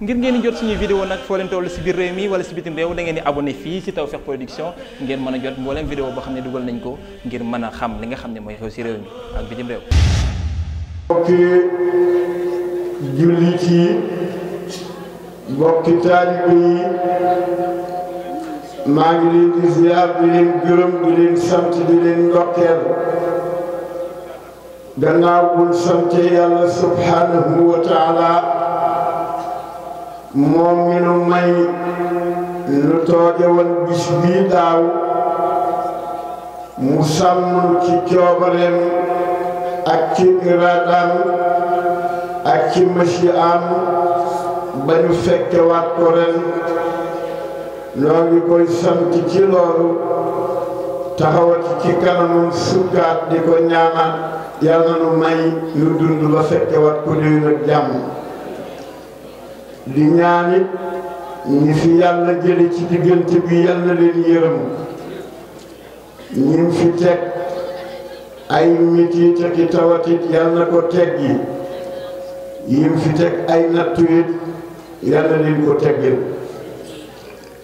ngir ngeen di jot suñuy vidéo nag foo leen toll si biir réew mi wala si bitim réew da ngeen di abonné fii si Tawfekh Production ngeen mën a jot mbooleem vidéo boo xam ne dugal nañ ko ngir mën a xam li nga xam ne mooy xew si réew mi ak bitim réew maa ngi leen di ziar di leen gërëm di leen sant di leen ndokkeel gannaaw bul sante yàlla subhanahu wa moom mi nu may nu tooge woon bis bii daaw mu sàmm ci coobareem ak ci iraadaam ak ci mësi am ba ñu fekke waat ko ren ngi koy sant ci loolu taxawati ci kanamu sukkaat di ko ñaanaat yàlla na may nu dund ba fekke waat ko déwén ak li ñaanit ñi fi yàlla jële ci diggante bi yàlla leen yërëm ñi fi teg ay metit tawatit yàlla ko teggi yim fi teg ay nattu it yàlla leen ko teggil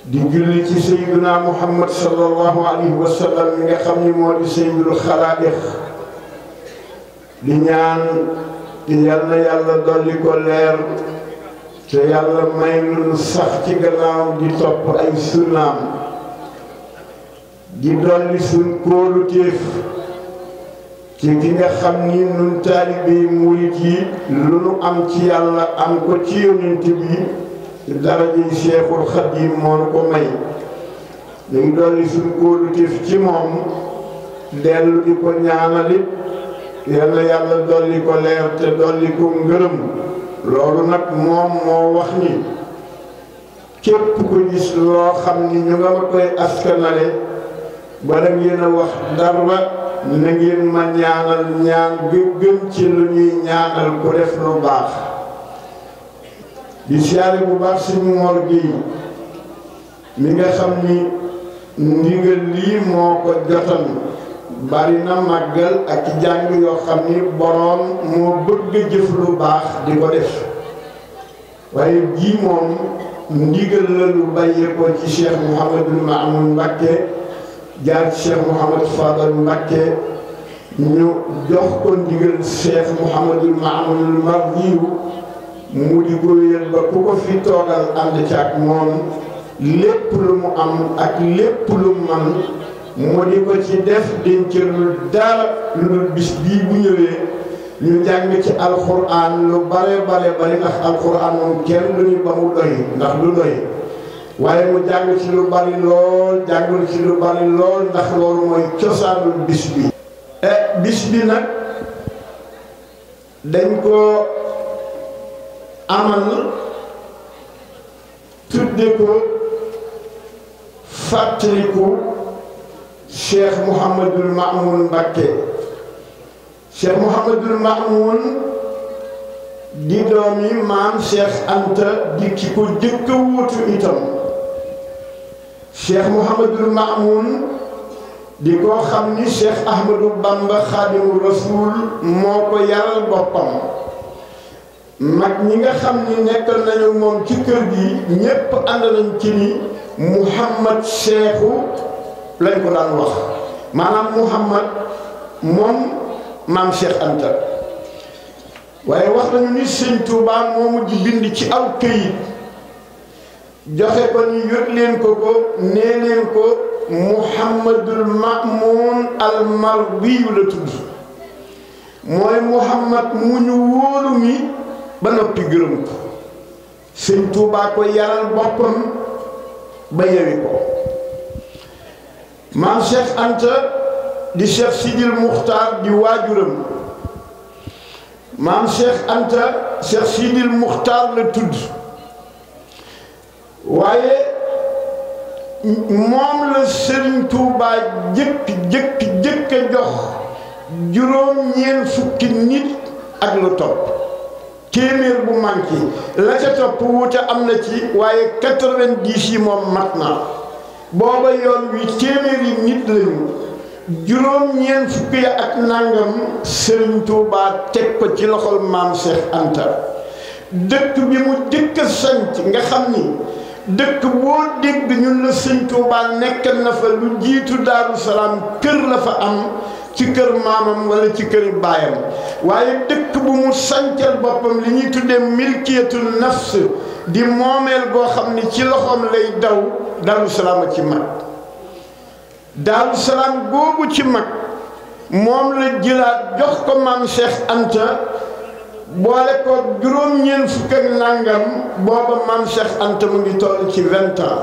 di julli ci sayyiduna muhammad sallallahu alayhi wa sallam mi nga xam ni moo di sayyidul xalaaiq di ñaan yàlla yàlla dolli ko leer te yàlla may nu sax ci gannaaw di topp ay sunnaam di dolli suñ kóolu ci ki nga xam ni nun taalibe yi murit yi lu nu am ci yàlla am ko ci yonent bi darajay Seexul Xadiim moo nu ko may ñu ngi dolli suñ kóolu téef ci moom dellu di ko ñaanalit yàlla yàlla dolli ko leer te dolli ko ngërëm loolu nag moom moo wax ni képp ku gis loo xam ni ñu nga ma koy askanale bala ngeen wax dara na ngeen ma ñaanal ñaan bi ci lu ñuy ñaanal ku def lu baax di bu baax suñu Mor Gueye mi nga xam ni ndigal lii moo ko jotan bari na màggal ak jàng yoo xam ni boroom moo bëgg jëf lu baax di ko def waaye jii moom ndigal la lu bàyyeekoo ci cheikh Mouhamadul Mamoun Mbakke jaar ci cheikh Mouhamadou Mbakke ñu jox ko ndigal cheikh Mouhamadul Mamoun Mardiyu mu di ko wéyal ba ku ko fi toogal ànd caag moom lépp lu mu am ak lépp lu man mu di ko ci def dencalul dara lu dul bis bii bu ñëwee ñu jàng ci alxuraan lu bare bare bari ndax alxuraan moom kenn lu ñu ba mu doy ndax lu doy waaye mu jàng ci lu bari lool jàngul ci lu bari lool ndax loolu mooy cosaanul bis bi e, bis bi nag dañ ko amal tudde ko cheikh Mouhamadul Mamoun Mbakke cheikh Mouhamadul Mamoun di doomi maam cheikh Anta di ki ko jëkk wuutu itam cheikh Mouhamadul Mamoun di ko xam ni cheikh Ahmadou Bamba Xaadimu Rasul moo ko yaral boppam mag ñi nga xam ni nekkal nañu moom ci kër gi ñépp ànd nañ ci ni Mouhamad cheikhu lañ ko daan wax maanaam Muhammad moom maam Cheikh Anta waaye wax nañu ni sëñ Tuubaa moomu di bind ci aw këyit joxe ko ñu yót leen ko ko nee leen ko Muhammadul Mamoun al Marwiyu la tudd mooy Muhammad mu ñu wóolu mi ba noppi gërëm ko sëñ Tuubaa ko yaral boppam ba yewi ko maam Cheikh Anta di Cheikh Sidil Muxtaar di waajuram maam Cheikh Anta Cheikh Sidil Muxtaar la tudd waaye moom la Serigne Touba jëkk jëkk jëkk jox juróom ñeent fukki nit ak lu topp téeméer bu manqué la ca topp wuute am na ci waaye quatre vingt yi moom mat na booba yoon wi téeméeri nit lañu juróom-ñeent fukki ak nangam Serigne Touba teg ko ci loxol maam Cheikh Anta dëkk bi mu jëkk a sanc nga xam ni dëkk boo dégg ñun la Serigne Touba nekkal na fa lu jiitu Daaru Salaam kër la fa am ci kër maamam wala ci kër baayam waaye dëkk bu mu sancal boppam li ñu tuddee milkiyatul nafs di moomeel goo xam ni ci loxoom lay daw daaru salaam ci mag daaru salaam boobu ci mag moom la jëlaat jox ko maam Cheikh Anta boole ko juróom-ñeent fukk ak nàngam booba maam Cheikh Anta mu ngi toll ci vingt ans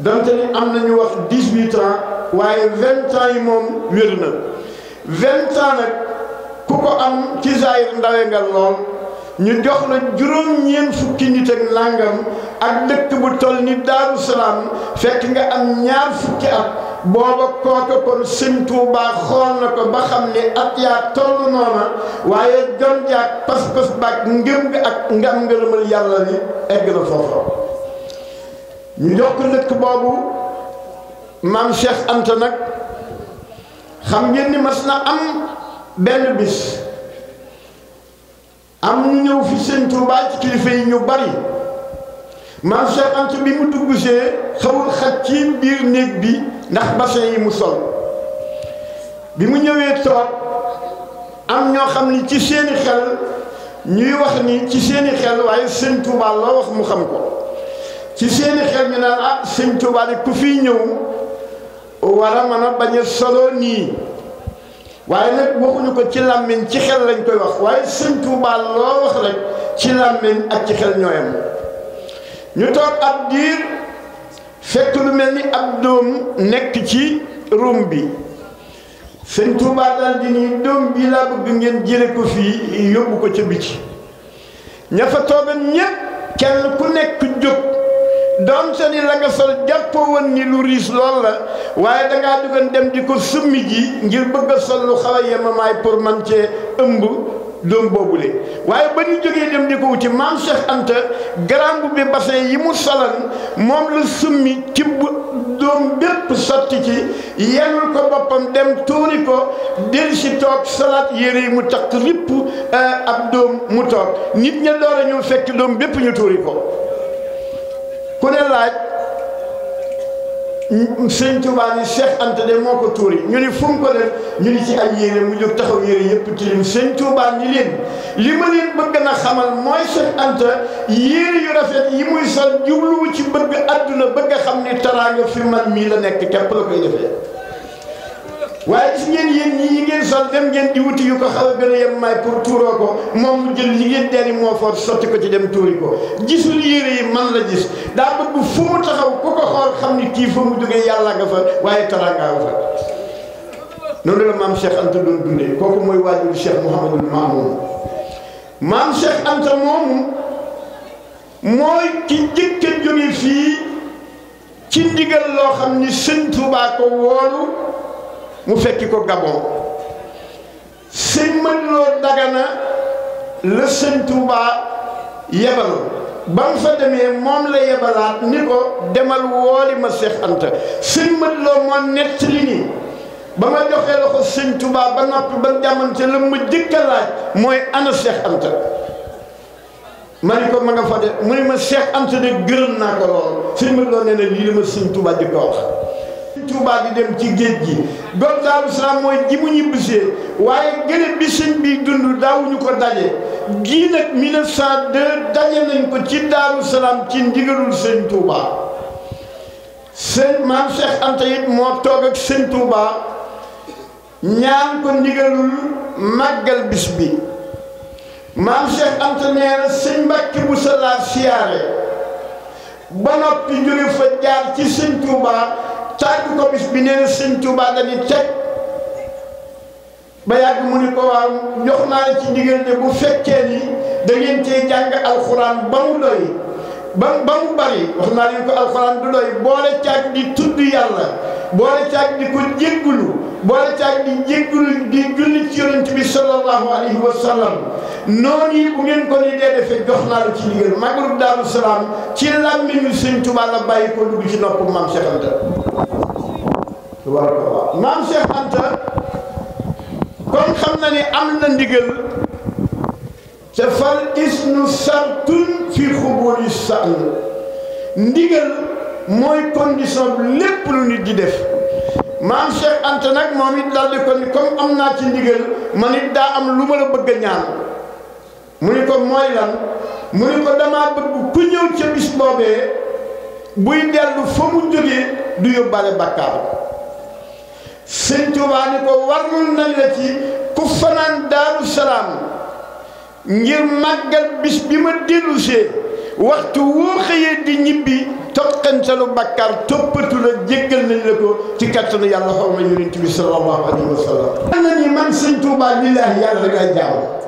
donte ni am nañu ñu wax dix-huit ans waaye vingt ans yi moom wér na vingt ans nag ku ko am ci zaayir ndawe nga lool ñu jox na juróom-ñeent fukki nit ak làngam ak dëkk bu toll ni Daaru fekk nga am ñaar fukki at booba kooka kon sëñ Tuuba xool na ko ba xam ne at yaa toll noona waaye gëm pas-pas baag ngëm gi ak nga am yàlla ni egg na foofa ñu jox ko dëkk boobu maam Cheikh Anta nag xam ngeen ni mas na am benn bis am ñu ñëw fi sëñ Touba kilifa yi ñu bari maam Cheikh Anta bi mu dugg see xaj ci biir néeg bi ndax bassin yi mu sol bi mu ñëwee toog am ñoo xam ni ci seeni xel ñuy wax ni ci seeni xel waaye sëñ Touba loo wax mu xam ko ci seeni xel ñu naan ah sëñ Touba de ku fiy ñëw war a mën a bañ solo nii. waaye nag waxuñu ko ci làmmiñ ci xel lañ koy wax waaye sëñ Tuubaa loo wax rek ci làmmiñ ak ci xel ñooyam ñu toog ab diir fekk lu mel ni ab doom nekk ci ruum bi seen Tuubaa dal di nii doom bi laa bëgg ngeen jële ko fii yóbbu ko ca biti ña fa toogan ñépp kenn ku nekk jóg donte ni la nga sol jàppoo woon ni lu riis lool la waaye dangaa duggoon dem di ko summi ji ngir bëgg a sol lu xaw a yemamaay pour man cee ëmb doom boobule waaye ba ñu jógee dem di ko wuti maam Cheikh Anta garambu bi bassin yi mu salan moom la summi tibb doom bépp sotti ci yenul ko boppam dem tuuri ko del si toog salaat yére yi mu takk ripp eh, ab doom mu toog nit ña door a ñëw fekk doom bépp ñu tuuri ko kone ne laaj sëñ Tuubaa ni Cheikh Anta de moo ko tuuri ñu ni fu ko def ñu ni ci ay yére mu jóg taxaw yére yëpp tilim sëñ Tuubaa ni leen li ma leen bëgg na xamal mooy Cheikh Anta yére yu rafet yi muy sol jubluwu ci bëgg àdduna bëgg a xam ni taraanga fi man mii la nekk képp la koy defee waaye gis ngeen yéen ñi yi ngeen sol dem ngeen di wuti yu ko xaw a yem maay pour tuuroo ko moom mu jël li ngeen deni moo foor sotti ko ci dem tuuri ko gisul yére yi man la gis daa bëgg fu mu taxaw ku ko xool xam ni kii fa mu jógee yàlla nga fa waaye talanga fa noonu la maam Cheikh Anta doon dundee kooku mooy waajur Cheikh Mouhamadul Mamoun maam Cheikh Anta moomu mooy ki njëkk a fii ci ndigal loo xam ni sëñ Tuubaa ko wóolu mu fekki ko Gabon sëñ mën dagana la sëñ Touba yebal ba mu fa demee moom la yebalaat ni ko demal wooli ma Seex Anta sëñ mën loo moo li nii ba ma joxee la ko sëñ Touba ba noppi ba jàmmante la ma jëkka laaj mooy ana Seex Anta ma ni ko ma nga fa de mu ne ma Seex Anta de naa ko lool sëñ mën loo na lii la ma sëñ Touba jëkka wax sëñ Touba di dem ci géej gi doon Daaru Salaam mooy ji mu ñibbisee waaye gëne bi sëñ bi dund daawuñu ko daje gii nag 1902 daje nañ ko ci Daaru Salaam ci ndigalul sëñ Touba. sëñ maam Cheikh Anta it moo toog ak sëñ màggal bis bi maam laa siyaare ba noppi jóge fa jaar ci seen Touba tàgg ko bis bi nee seen sëñ Tuubaa dañuy teg ba yàgg mu ni ko waaw jox naa la ci ndigal ne bu fekkee ni da ngeen cee jàng alxuraan ba mu doy ba ba mu bari wax naa leen ko alxuraan du doy boole caag di tudd yàlla boole caag di ko jéggulu boole caag di jéggulu di julli ci yonent bi sallallahu alayhi wa noonu yi ngeen ko ni dee defee jox naa la ci ndigal magalub daaru salaam ci làmmiñu sëñ Tuubaa la bàyyi ko dugg ci nopp maam Cheikh tabarakallah maam Cheikh Anta kon xam na ni am na ndigal ca fal isnu sartun fi xubuli sànn ndigal mooy condition bi lépp lu nit di def maam Cheikh Anta nag moom it daal ko ni comme am naa ci ndigal man it daa am lu ma la bëgg a ñaan mu ni ko mooy mu ni ko damaa bëgg ku ñëw ca bis boobee buy dellu fa mu jógee du yóbbaale bàkkaar sëñ Tuubaa ni ko warlul nañ la ci ku fanaan daaru ngir màggal bis bi ma dellusee waxtu woo xëyee di ñibbi toqantalu bàkkaar toppatu la jéggal nañ la ko ci kattanu yàlla xaw ma yonent bi sallallahu alayhi wa sallam. man la man sëñ Tuubaa lillaahi yàlla rek jaamu.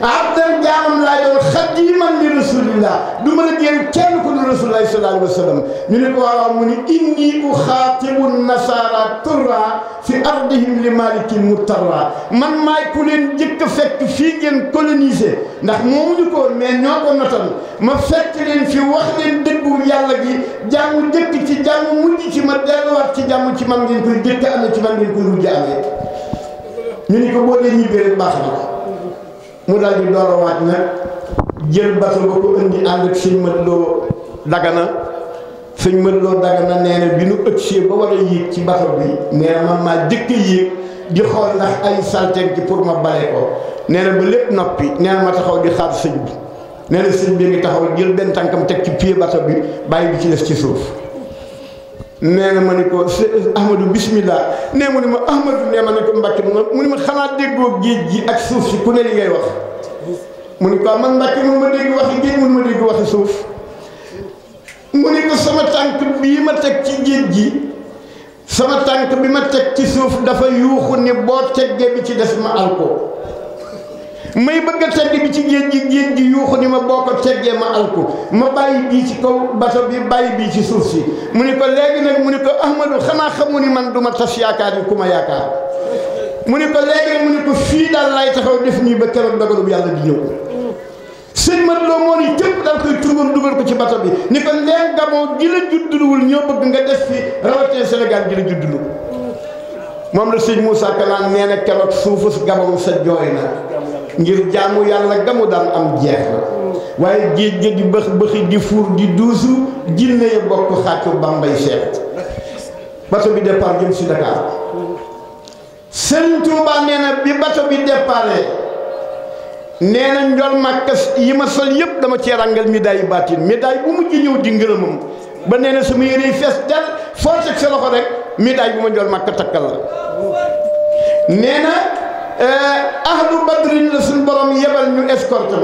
abdan jaamam laa doon xadiman li rasulillah du ma la jéem kenn ku dul rasulillah ñu ne ko waaw mu ni inni uxaatibu nasara turra fi ardihim li malikin mutarra man maay ku leen jëkk fekk fii ngeen colonisé ndax moomu ñu ko woon mais ñoo ko notal ma fekk leen fi wax leen dëggu yàlla gi jàmm jëkk ci jàmm mujj ci ma delluwaat ci jàmm ci man ngeen koy jëkk amee ci man ngeen koy mujj amee ñu ni ko boo dee ñibbee rek baax mu dal di door a waaj nag jël baso ba ko indi ànd ak sëñ mët dagana sëñ mët loo dagana nee na bi nu ëgsee ba war a yéeg ci baso bi nee na man maa jëkk yéeg di xool ndax ay salteg ci pour ma bale ko nee ba lépp noppi nee na ma taxaw di xaar sëñ bi nee na sëñ bi ngi taxaw jël benn tànkam teg ci pied bato bi bàyyi bi ci des ci suuf nee na ma ne ko ahmadu bismillah nee mu ni ma ahmadu nee ma ni ko mbàkke mu ni ma xanaa déggoo géej gi ak suuf si ku ne li ngay wax mu ni ko ah, man mbàkke mun ma dégg waxi géej mun ma dégg waxi suuf mu ni ko sama tànk bii ma teg ci géej gi sama tànk bi ma teg ci suuf dafa yuuxu ni boo teggee bi ci des ma alko may bëgg a tedd bi ci géej gi géej gi yuuxu ni ma boo ko teggee ma alku ci kaw bato bi bàyyi bii ci suuf si mu ni ko léegi nag mu ni ko ahmadu xanaa xamu ni man du ma tas yaakaar yi mu ni ko mu ni ko fii daal laay taxaw def nii ba keroog dogalub yàlla di ñëw sëñ Mat Lo moo ni cëpp daal koy turgoon dugal ko ci bato bi ni ko leen gamoo gi la judduluwul ñoo bëgg nga def fi rawatina Sénégal gi la juddulu moom la sëñ Moussa Kanaan nee na keroog suufus gamam sa jooy na ngir jaamu yàlla gamu daan am jeex la waaye géej ga di bëx bëxi di fuur di duusu jinne ya bokk xàccu bambay seet bato bi départ jëm si Dakar sëñ Tuubaa nee na bi bato bi départ nee na njol màkkas yi ma sol yëpp dama cee ràngal médaille baatin médaille bu mujj ñëw di ngërëmam ba nee na su ma yéree fees del foo teg sa loxo rek médaille bu ma njol màkk takkal la nee na Eh, ahlu badrin la ñu escorte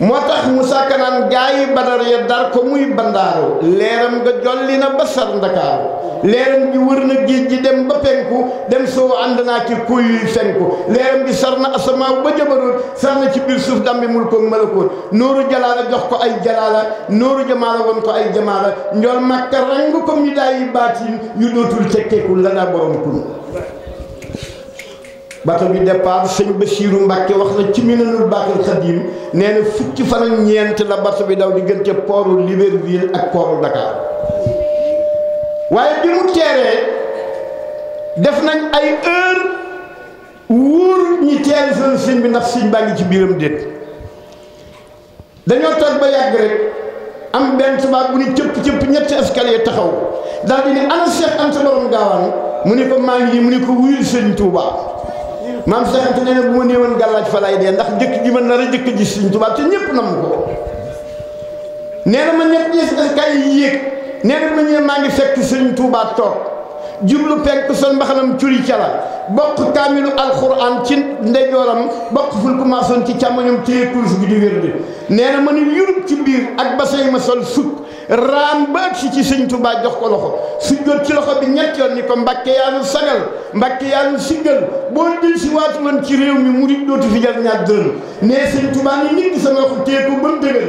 moo tax mu sàkkanaan gaa yi badar ya dar ko muy bandaaru leeram nga jolli na ba sar ndakaaru leeram gi wër na géej gi dem ba penku dem soo ànd naa ci kuy yuy fenku leeram gi sar na asamaaw ba jabaroot sar na ci biir suuf dambi mul koog malakoot jalaala jox ko ay jalaala nooru jamaala won ko ay jamaala njool màkka rang ko mi daay yu dootul cekkeeku la borom kun bato bi départ sëñ Basiiru Mbàkke wax na ci Minanul Baaqil Xadiim nee na fukki fan ak ñeent la bato bi daw diggante pooru Libreville ak pooru Dakar waaye bi mu teeree def nañ ay heure wóor ñi teel seen sëñ bi ndax sëñ baa ngi ci biiram déet dañoo toog ba yàgg rek am benn tubaab bu ni cëpp cëpp ñetti escalier taxaw daal di ne ana Seex Anta borom mu ni ko maa mu ni ko wuyul sëñ Tuubaa maam Cheikh Anta nee na bu ma néewoon gàllaaj fa lay dee ndax jëkk ji ma nar a jëkk ji Sëriñ Tuubaa te ñëpp na ko nee na ma ñett gis kay yéeg nee ma ñëw maa ngi fekk Sëriñ Tuubaa toog jublu penk sol mbaxanam curi cala bokk kaamilu alxuraan ci ndeyjooram bokk ful ku maasoon ci càmmoñam téye kurus gi di wér nee na ma ne yurub ci biir ak basay ma sol sut raam ba agsi ci sëñ Tuubaa jox ko loxo sujjoot ci loxo bi ñett yoon ni ko mbàkke yaanu sagal mbàkke yaanu siggal boo dil si waatu woon ci réew mi mu dootu fi jar ñaar dërëm ne sëñ Tuubaa ni nit sama ko ba mu dëgër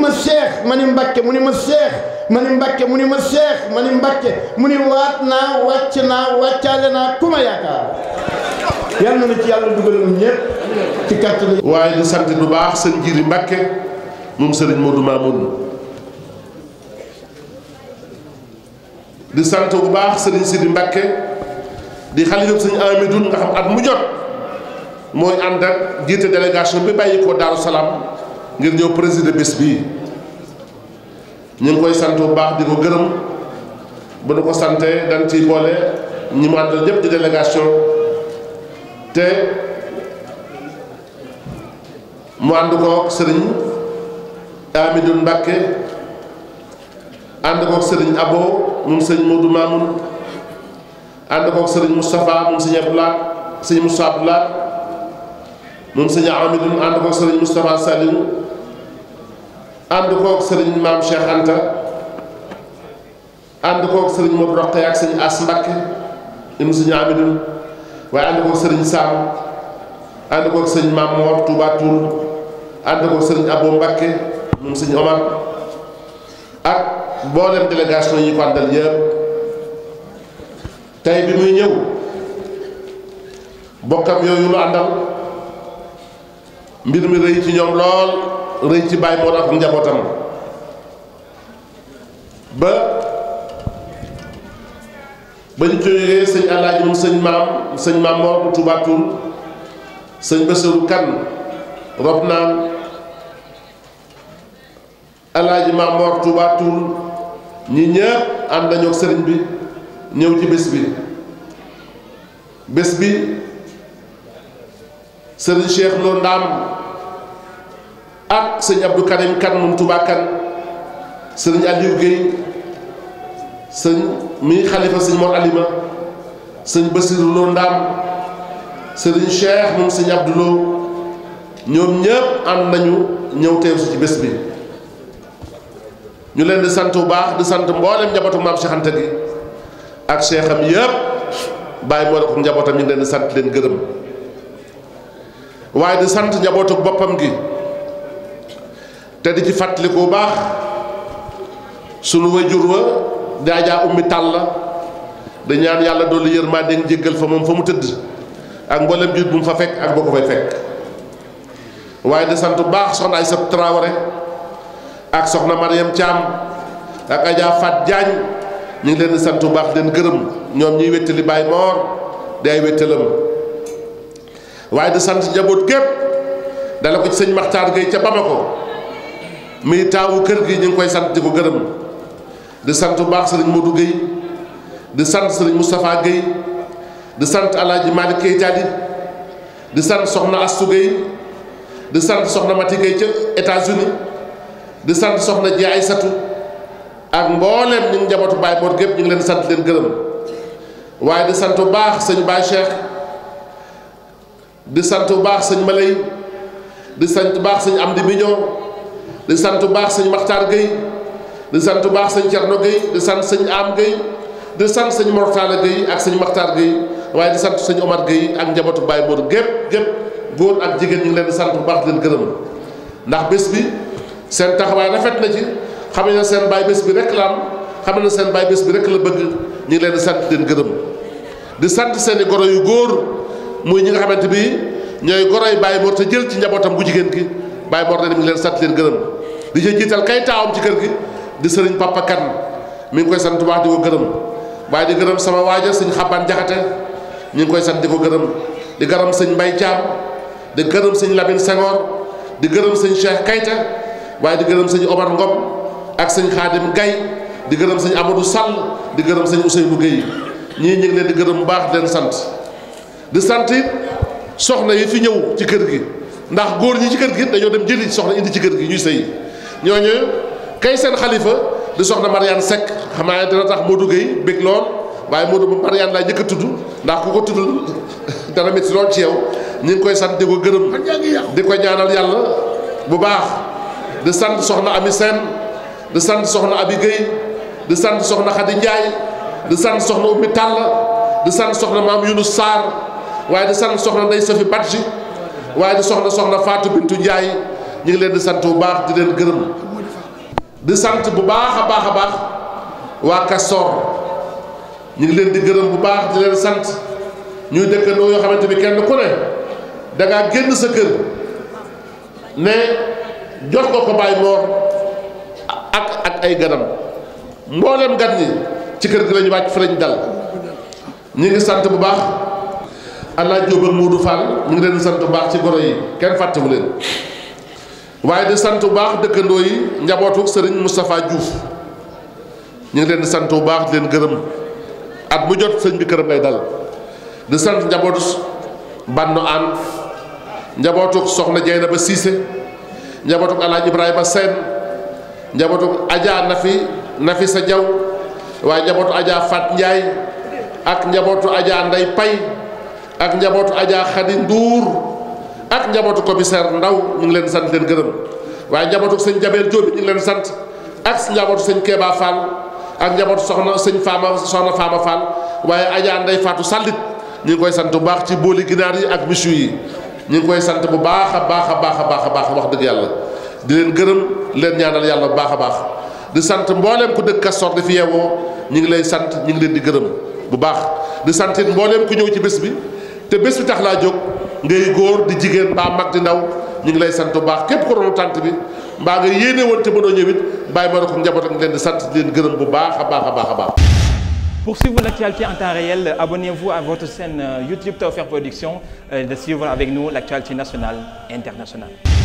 ma seex ma ni mbàkke mu ni ma seex ma ni mbàkke mu ni ma seex ma ni mbàkke mu ni waat naa wàcc naa wàccaale naa ku ma yaakaar yal na ci yàlla dugal ñun ñëpp ci kàttan waaye di sant bu baax sëñ Jili Mbàkke moom sëriñ Modou Mamoun di sant bu baax sëriñ Sidi Mbàkke di xalifam sëñ Amidou nga xam at mu jot mooy ànd ak jiite délégation bi bàyyi ko Daaru Salaam ngir ñëw présider bis bii ñu ngi koy sant bu baax di ko gërëm bu nu ko santee dañ ciy boole ñu mu àndal ñëpp di délégation te mu ànd koog sëriñ Amidou Mbacke ànd koog sëriñ Abo moom sëriñ Modou Mamoun ànd koog sëriñ Moustapha moom sëriñ Abdoulaye sëriñ Moustapha Abdoulaye moom sëriñ Amidou ànd koog sëriñ Moustapha Saliou ànd koog sëriñ Maam Cheikh ànd koog sëriñ Modou Roqe ak sëriñ As Mbacke moom sëriñ Amidou. waaye ànd koog sëriñ Saam ànd koog sëriñ Mamoor Touba Toul ànd koog sëriñ Abo Mbakke moom sëriñ Omar ak mboolem délégation yi ko àndal yëpp tey bi muy ñëw bokkam yooyu mu àndal mbir mi rëy ci ñoom lool rëy ci bàyyi moo ak njabootam ba ba ñu jógee sëñ Alaaji moom sëñ maam sëñ maam Mor bu sëñ Bassirou Kane rob naan Alaaji maam Mor Touba Toul ñi ñëpp ànd sëriñ bi ñëw ci bés bi bés bi sëriñ Cheikh Lo Ndaam ak sëñ Abdou Karim Kane moom Touba Kane sëriñ Aliou Guèye sëñ mii xalifa sëñ Mor Alima sëñ Basiru Lo Ndaam sëriñ Cheikh moom sëñ Abdou Lo ñoom ñëpp ànd nañu ñëw teew si bés bi ñu leen di sant bu baax di sant mboolem njabootu maam Cheikh gi ak cheikham yëpp bàyyi moo ko njabootam ñu leen di sant leen gërëm waaye di sant njabootu boppam gi te di ci fàttaliku bu baax sunu wajur wa di Ajaa Ummi Tàll di ñaan yàlla dolli yërmande ak jéggal fa moom fa mu tëdd ak mboolem jiit bu mu fa fekk ak boo ko fay fekk waaye di sant bu baax soxna Aïssa Traoré ak soxna Mariam Thiam ak Adja Fat Diagne ñu ngi leen di sant bu baax leen gërëm ñoom ñuy wéttali baay Mor di ay wéttalam waaye di sant njaboot gépp dala ko ci sëñ Maxtaar Gueye ca Bamako muy taawu kër gi ñu ngi koy sant di ko gërëm di sant bu baax sëriñ Modou Guèye di sant sëriñ Moustapha Guèye di sant Alaaji Malick Guèye Diadi di sant soxna Astou Guèye di sant soxna Mati Guèye ca États-Unis di sant soxna ji ay Aysatu ak mbooleem ñu njabatu njabootu Baye Mor gépp ñu ngi leen sant leen gërëm waaye di sant bu baax sëñ Baye Cheikh di sant bu baax sëñ Malay di sant bu baax sëñ Amdi Mignon di sant bu baax sëñ Makhtar Guèye di sant bu baax sëñ Thierno Gueye di sant sëñ Am Gueye di sant sëñ Mortala Gueye ak sëñ Makhtar Gueye waaye di sant sëñ Omar Gueye ak njabootu baay Modou gépp gépp góor ak jigéen ñu leen di sant bu baax di leen gërëm ndax bés bi seen taxawaay rafet na ci xam ne seen baay bés bi rek la am xam ne seen baay bés bi rek la bëgg ñi leen di sant leen gërëm di sant seen i goro yu góor muy ñi nga xamante bi ñooy goro yi baay Mor te jël ci njabootam bu jigéen gi Baye Mor ne mi leen sant leen gërëm di gi. di sëriñ Papa Kan mi ngi koy sant bu baax di ko gërëm waaye di gërëm sama waajar sëñ Xabaan Jaxate ñu ngi koy sant di ko gërëm di gërëm sëñ Mbay Caam di gërëm sëñ Lamine Senghor di gërëm sëñ Cheikh Kayta waaye di gërëm sëñ obar Ngom ak sëñ Xaadim Gay di gërëm sëñ Amadou Sall di gërëm sëñ Ousseynou Gueye ñii ñu ngi leen di gërëm bu baax di leen sant di sant soxna yi fi ñëw ci kër gi ndax góor ñi ci kër gi dañoo dem jëli soxna indi ci kër gi ñuy sëy ñooñu kay seen xalifa di soxna Mariane Seck xam naa dina tax Modou Gueye bég lool waaye Modou ba Mariane laa njëkk jëkk tudd ndax ku ko tudd dana métti lool ci yow ñu ngi koy sant di ko gërëm di ko ñaanal yàlla bu baax di sant soxna Ami Sène di sant soxna Abi Gueye di sant soxna Khady Ndiaye di sant soxna Oumy Tall di sant soxna maam Younous Sarr waaye di sant soxna Ndeye Safi Badji waaye di soxna soxna Fatou Bintou Ndiaye ñu ngi leen di sant bu baax di leen gërëm di sant bu baax a baax a baax waa Kastoor ñu ngi leen di gërëm bu baax di leen sant ñuy dëkkandoo yoo xamante ni kenn ku ne da ngaa génn sa kër ne jox ko ko Baay Moor ak ak ay ganam mboolem gan ñi ci kër gi lañu wàcc fa lañu dal ñu ngi sant bu baax Alaaji Jóob ak Moodu Fall ñu ngi leen di sant bu baax ci goro yi kenn fàttewu leen waaye di sant bu baax dëkkandoo yi njabootu sëriñ mustafaa Diouf ñu ngi leen di sant bu baax leen gërëm at mu jot sëñ bi këram lay dal di sant njabootu Banno Aan njabootu Soxna Jeynaba Siise njabootu Alaaji Ibrahima Sène njabootu Adja Nafi Nafi sa Jaw waaye njabootu Adja Fat Ndiaye ak njabootu Adja Ndey Pay ak njabootu Adja Xadi Nduur ak njabootu commissaire ndaw ñu ngi leen sant leen gërëm waaye njabootu sëñ Jabel Diop ñu ngi leen sant ak njabootu sëñ Kéba Fall ak njabootu soxna sañ Fama soxna Fama Fall waaye Adja Ndeye faatu Sallit ñu ngi koy sant bu baax ci booli ginaar yi ak michu yi ñu ngi koy sant bu baax a baax a baax a baax a wax dëgg yàlla di leen gërëm leen ñaanal yàlla bu baax a baax di sant mbooleem ku dëkk Kastoor di fi yeewoo ñu ngi lay sant ñu ngi leen di gërëm bu baax di sant it mbooleem ku ci bés bi te bés bi laa jóg ngay góor di jigéen mbaa mag di ndaw ñu ngi lay sant bu baax képp ko doon tànt bi mbaa nga yéene woon te mënoo ñëwit bàyyi ma ko njaboot ak leen di sant di leen gërëm bu baax a baax a baax a baax. Pour suivre l'actualité en temps réel, abonnez-vous à votre chaîne YouTube Tawfekh Production euh, et de suivre avec nous l'actualité nationale et internationale.